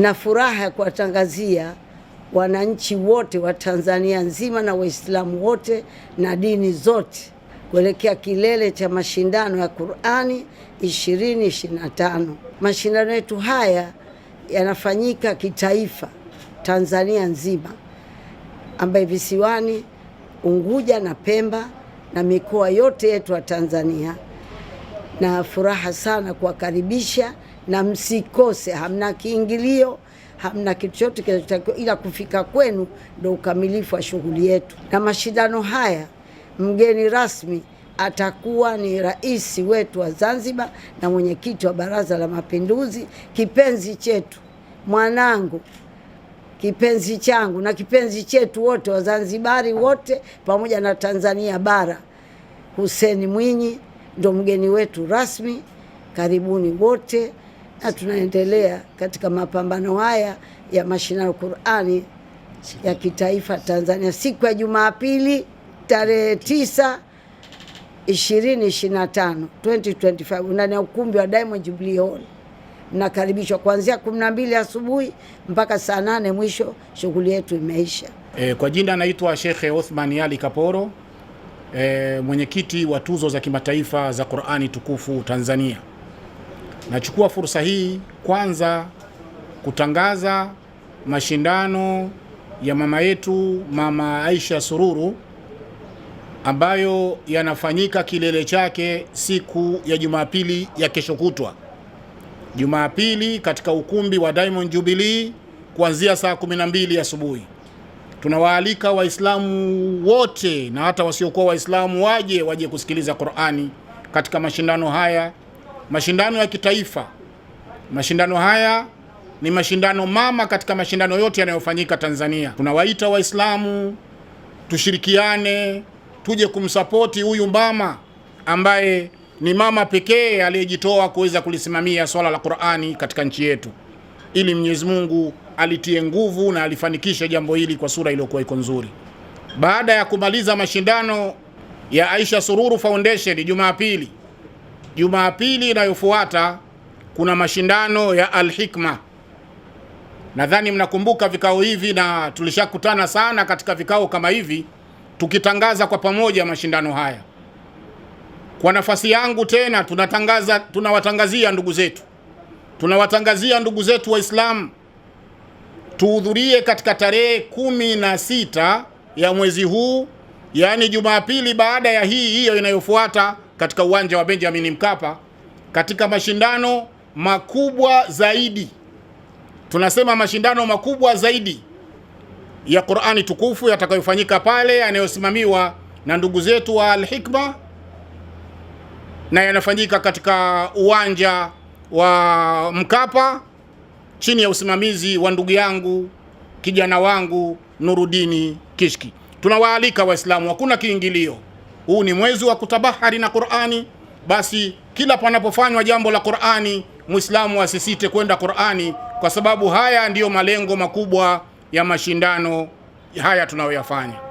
na furaha ya kuwatangazia wananchi wote wa Tanzania nzima na Waislamu wote na dini zote kuelekea kilele cha mashindano ya Qur'ani 2025. Mashindano yetu haya yanafanyika kitaifa Tanzania nzima, ambaye visiwani Unguja na Pemba na mikoa yote yetu ya Tanzania na furaha sana kuwakaribisha, na msikose. Hamna kiingilio, hamna kitu chote kinachotakiwa, ila kufika kwenu ndo ukamilifu wa shughuli yetu. Na mashindano haya, mgeni rasmi atakuwa ni rais wetu wa Zanzibar na mwenyekiti wa Baraza la Mapinduzi, kipenzi chetu, mwanangu kipenzi changu na kipenzi chetu wote, Wazanzibari wote pamoja na Tanzania bara, Hussein Mwinyi ndo mgeni wetu rasmi. Karibuni wote, na tunaendelea katika mapambano haya ya mashindano Qurani ya kitaifa Tanzania, siku ya Jumapili tarehe 9 2025 2025 ndani ya ukumbi wa Diamond Jubilee Hall. Mnakaribishwa kuanzia 12 asubuhi mpaka saa 8 mwisho, shughuli yetu imeisha. E, kwa jina anaitwa Shekhe Othman Ali Kaporo e, mwenyekiti wa tuzo za kimataifa za Qur'ani tukufu Tanzania. Nachukua fursa hii kwanza kutangaza mashindano ya mama yetu Mama Aisha Sururu ambayo yanafanyika kilele chake siku ya Jumapili ya kesho kutwa, Jumapili katika ukumbi wa Diamond Jubilee kuanzia saa 12 asubuhi. Tunawaalika Waislamu wote na hata wasiokuwa Waislamu waje waje kusikiliza Qur'ani katika mashindano haya, mashindano ya kitaifa. Mashindano haya ni mashindano mama katika mashindano yote yanayofanyika Tanzania. Tunawaita Waislamu tushirikiane, tuje kumsapoti huyu mama ambaye ni mama pekee aliyejitoa kuweza kulisimamia swala la Qur'ani katika nchi yetu ili Mwenyezi Mungu alitie nguvu na alifanikisha jambo hili kwa sura iliyokuwa iko nzuri. Baada ya kumaliza mashindano ya Aisha Sururu Foundation Jumapili, Jumapili inayofuata kuna mashindano ya Al-Hikma. Nadhani mnakumbuka vikao hivi na tulishakutana sana katika vikao kama hivi tukitangaza kwa pamoja mashindano haya. Kwa nafasi yangu tena tunatangaza tunawatangazia ndugu zetu Tunawatangazia ndugu zetu Waislamu tuhudhurie katika tarehe kumi na sita ya mwezi huu, yaani Jumapili baada ya hii hiyo inayofuata, katika uwanja wa Benjamin Mkapa katika mashindano makubwa zaidi, tunasema mashindano makubwa zaidi ya Qur'ani tukufu yatakayofanyika pale, yanayosimamiwa na ndugu zetu wa Al-Hikma na yanafanyika katika uwanja wa Mkapa chini ya usimamizi wa ndugu yangu kijana wangu Nurudini Kishki. Tunawaalika Waislamu, hakuna kiingilio. Huu ni mwezi wa kutabahari na Qur'ani, basi kila panapofanywa jambo la Qur'ani, Muislamu asisite kwenda Qur'ani, kwa sababu haya ndiyo malengo makubwa ya mashindano haya tunayoyafanya.